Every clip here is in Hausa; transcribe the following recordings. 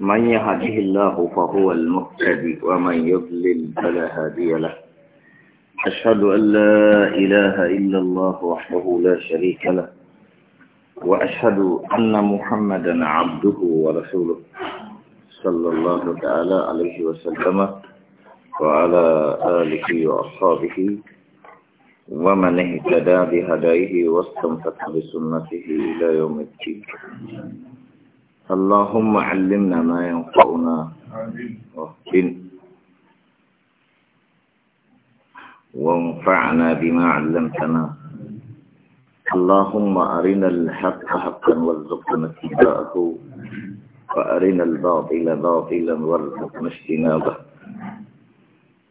من يهده الله فهو المهتدي ومن يضلل فلا هادي له أشهد أن لا إله إلا الله وحده لا شريك له وأشهد أن محمدا عبده ورسوله صلى الله تعالى عليه وسلم وعلى آله وأصحابه ومن اهتدى بهدائه واستمسك بسنته إلى يوم الدين اللهم علمنا ما ينفعنا واهدنا وانفعنا بما علمتنا اللهم أرنا الحق حقا وارزقنا اتباعه وأرنا الباطل باطلا وارزقنا اجتنابه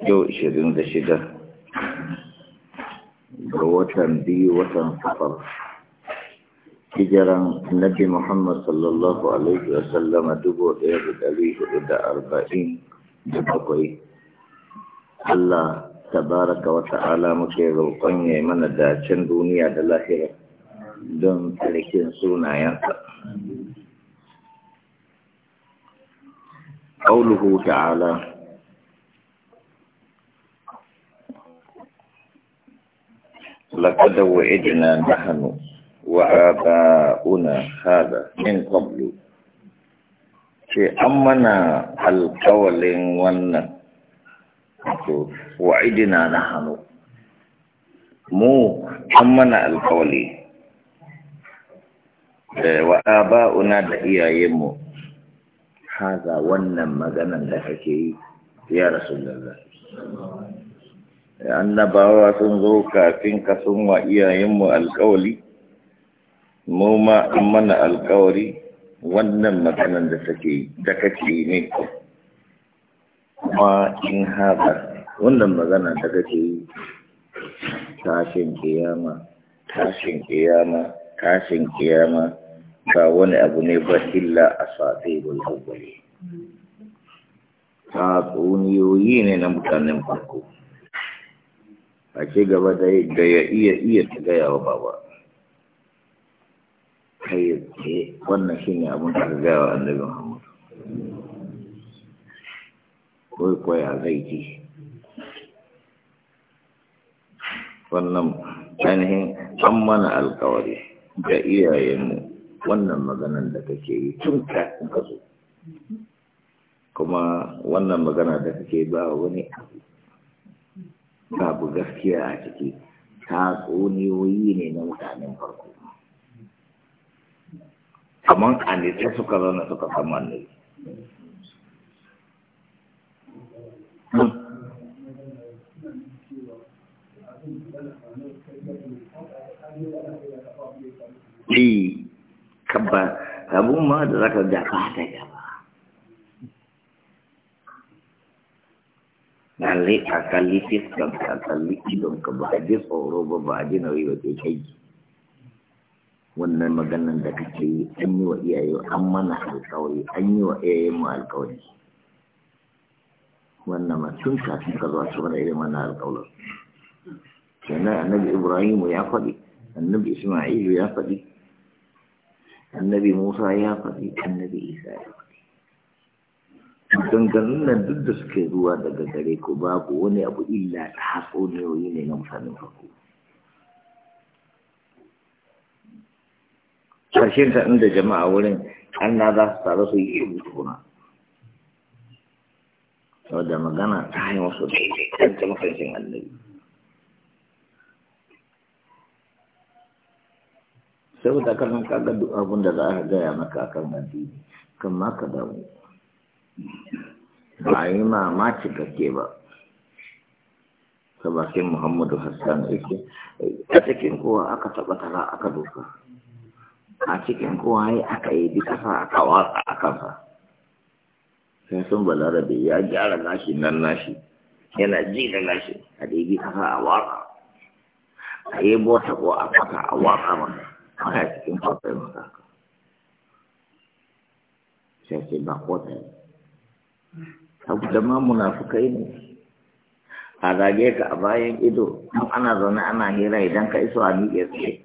جو شرين دشدة وطن وتنفطر hijiran Nabi Muhammad sallallahu alaihi wasallama dubu ɗaya da ɗari da arba'in da bakwai. Allah tabaraka wa ta'ala muke roƙon ya mana dacen duniya da lahira don tsarkin sunayensa. Ƙauluhu ta'ala لقد وعدنا نحن وآباؤنا hada من قبل ce an mana alkawalin wannan to wa'idina na hannu mu an mana alkawali da wa'aba'una da iyayenmu haza wannan maganan da kake yi ya rasu lalla annabawa sun zo kafin ka sun wa iyayenmu alkawali mu ma an mana alkawari wannan maganan da take da kake ne kuma in haka wannan magana da kake yi tashin kiyama tashin kiyama tashin kiyama ba wani abu ne ba illa a safe bulbuli ta tsuniyoyi ne na mutanen farko a ce gaba da ya iya iya ta gaya wa baba kai tsaye wannan shi ne abin da gaya wa annabi muhammad zai ci wannan ainihin an mana alkawari da iyayenmu wannan maganan da kake yi tun kafin ka zo kuma wannan magana da kake ba wani abu babu gaskiya a ciki ta tsoniyoyi ne na mutanen farko kamar a nitsa suka zauna suka samu annabi Eh, kaba, abun ma da zaka gaba da gaba. Lalle a kalli fiskan ka kalli idon ka ba a ji tsoro ba ba a ji nauyi ba ke kai. wannan maganan da kake yi an yi wa iyaye an mana alkawari an yi wa iyayen mu alkawari wannan ma tun kafin ka zo su mana irin wannan alkawarin sannan annabi ibrahim ya faɗi annabi isma'ilu ya faɗi annabi musa ya faɗi annabi isa ya faɗi ganganin nan duk da suke zuwa daga gare ku babu wani abu illa ta hatso ne ne na musamman farko ƙarshen ta inda jama'a wurin an na za su taru su yi rubutuna sau da magana ta hanyar su daidai ta mafarkin annabi saboda kasan kaga duk abin da za a gaya maka kan addini kan maka damu ba a yi mamaci kake ba ta bakin muhammadu hassan ake a cikin kowa aka taɓa tara aka doka a cikin kowaye aka yi bi kasa aka watsa a kansa sun sun balarabe ya gyara nashi nan nashi yana ji da nashi a bi kasa a watsa a yi bota ko a fata a watsa ba, a cikin fata yi maka sai sai ba kota ne abu da ma kai ne a zage ka a bayan ido ana zaune ana hira idan ka iso a miƙe tsaye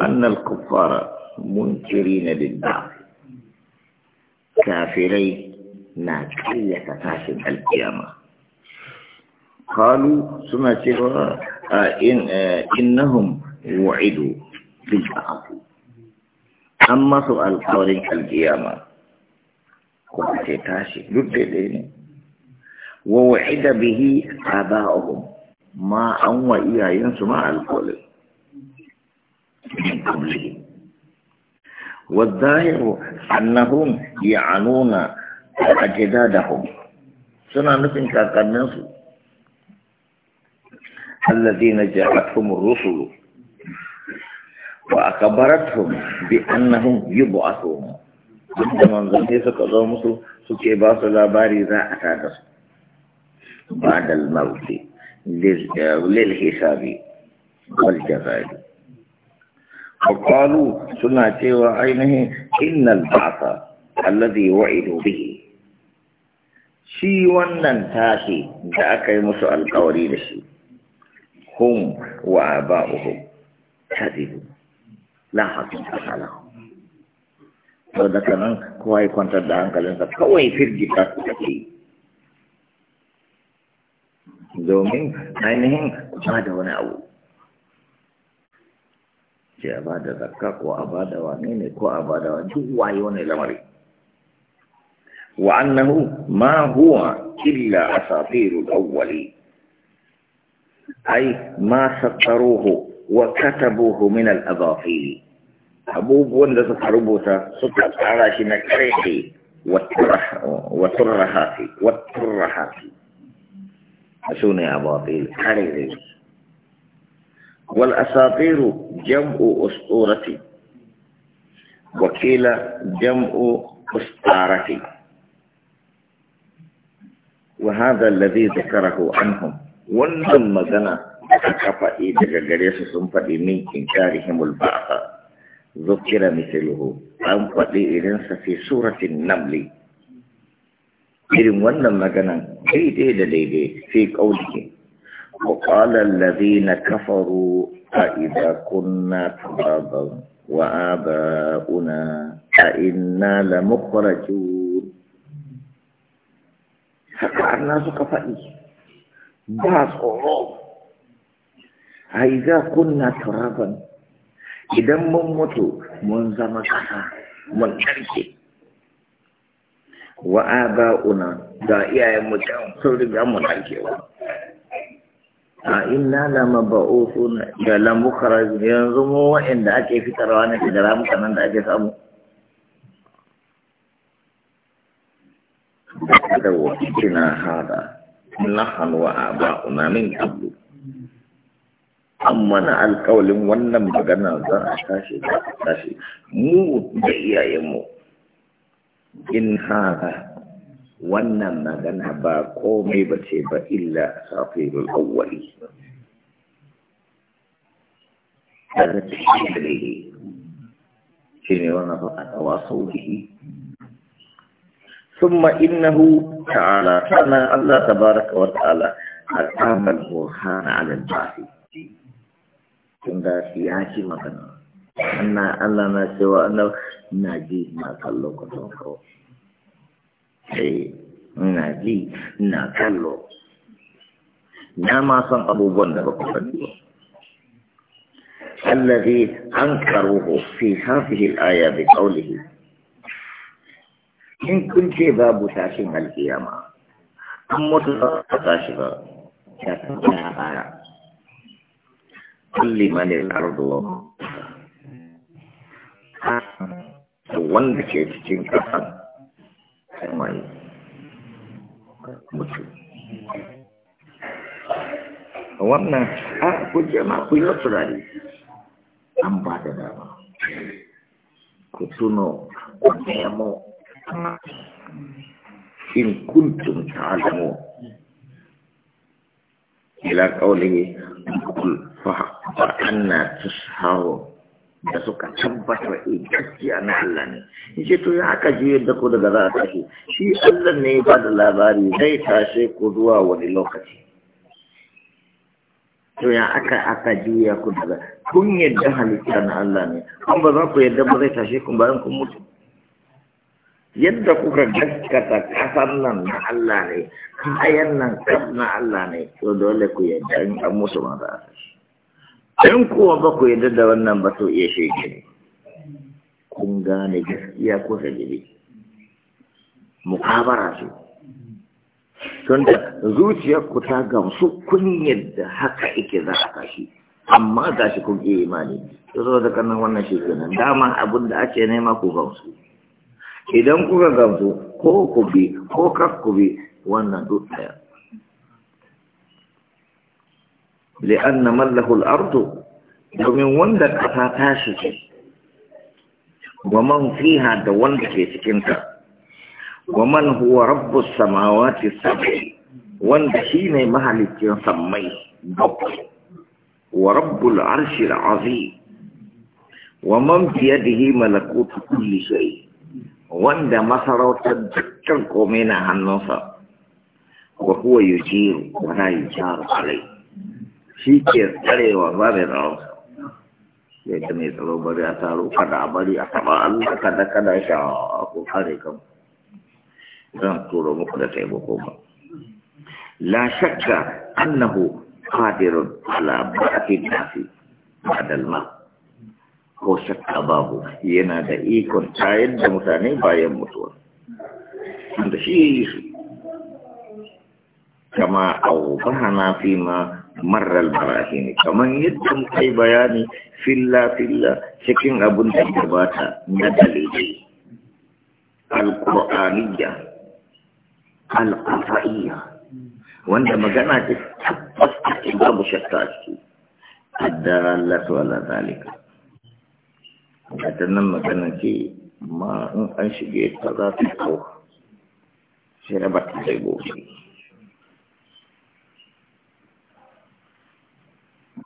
أن الكفار منكرين للبعث كافري ناكية فاسد القيامة قالوا سنة آه، إن آه، إنهم وعدوا بالبعث أما سؤال قول القيامة قلت تاشي ضد ووعد به آباؤهم ما أنوى إياه سمع مع القول من قبله والظاهر أنهم يعنون أجدادهم سنة نفن كاكننس الذين جاءتهم الرسل وأخبرتهم بأنهم يبعثون عندما ظهر سكذا مصر سكي باص باري ذا أتادس بعد الموت للحساب والجزاء وقالوا سنة تيوى إن البعث الذي وعدوا به شي ونن تاشي داك يمسو القوري لشي هم وآباؤهم كذبوا لا حقيقة لهم Saudara kanan, kuai kuantar dahan kalian tak kuai firgi tak kaki. Domin, nain nih, ada orang ce a ba da zakka ko a ba da wane ne ko a ba da wane duk wayo ne lamari wa annahu ma huwa illa asatirul awwali ai ma sattaruhu wa katabuhu min al adafili abubuwan da suka rubuta suka tsara shi na karshe waturrahati waturrahati su ne abafil karerai والأساطير جمع أسطورة وكيل جمع أسطارة وهذا الذي ذكره عنهم وانتم مدنا كفائي دقاقريس سنفدي من إنكارهم البعض ذكر مثله أنفدي إلنس في سورة النمل إذن وانا مدنا ديدي ديدي في قوله وقال الذين كفروا أئذا كنا ترابا وآباؤنا أئنا لمخرجون فقال الناس كفائي باس أوروب أئذا كنا ترابا إذا ممتو من زمكها من كرشي وآباؤنا دائما متعون سوري بأمنا الكيوان a inna la mab'uthun ya la mukhraj yanzu mu wa'anda ake fitarwa na da ramuka nan da ake samu da Na hada a wa aba'una min abu. Amma na alkawalin wannan magana za a tashi tashi mu da iyayenmu in hada wannan magana ba komai ba ce ba illa safirul awwali ثم إنه تعالى كان الله تبارك وتعالى أقام البرهان على الجاهل ثم سياتي مثلا أن الله ما سوى أنه ناجي ما قال له eh ina ji ina kallo na ma san الذي أنكره في هذه الآية بقوله إن كنت باب تاشن القيامة أم متتاشفة كل من الأرض وندك تشين كفن waye mutu wannan a ku jama ku yi turare an ba da dama ku tuno ku nemo in kuntum ta'lamu ila qawlihi qul fa anna tasharu da suka tabbatar in eh, gaskiya na Allah ne ce to ya haka ji yadda ku daga za a tashi shi Allah ne ya bada labari zai tashe ku zuwa wani lokaci to ya aka aka juya ku daga kun yadda halitta na Allah ne kun ba za ku yadda ba zai tashe ku bayan kun mutu yadda kuka gaskata kasar nan na Allah ne kayan nan na Allah ne to dole ku yadda in an musu ma za a tashi in kuwa ba ku yadda da wannan ba to iya shege ne kun gane gaskiya ko da jiri mukabara ce tun da zuciyar ku ta gamsu kun yadda haka ike za a kashi amma ga shi kun iya imani ta zo da kanan wannan shi dama abin da ake nema ku gamsu idan kuka gamsu ko ku bi ko kar ku bi wannan duk ɗaya li'an na mallahul ardu domin wanda ƙasa ta shige wa man fiha da wanda ke cikin wa man huwa rabbus samawati sab'i wanda shine mahalicin sammai bakwai wa rabbul arshil azim wa man biyadihi malakutu kulli shay wanda masarautar dukkan komai na hannunsa wa huwa yujiru wa la yujaru alayhi shi ke tsarewa ba mai tsaro yadda mai tsaro bari a taro kada a bari a taba allah kada kada sha a kokare kan zan turo muku da taimako ba la shakka annahu qadirun ala ba'ati nafi ba'da al ko shakka babu yana da ikon tayar da mutane bayan mutuwa da shi kama na fi ma marar ne kamar yadda muka yi bayani filla-filla cikin abin da gabata na dalilai alkur'aniya al'afa'iyya wanda magana ta tabbas ake babu shakka ciki addalatu ala zalika ta nan magana ce ma in an shige ta za ta kawo sai ba ta sai gobe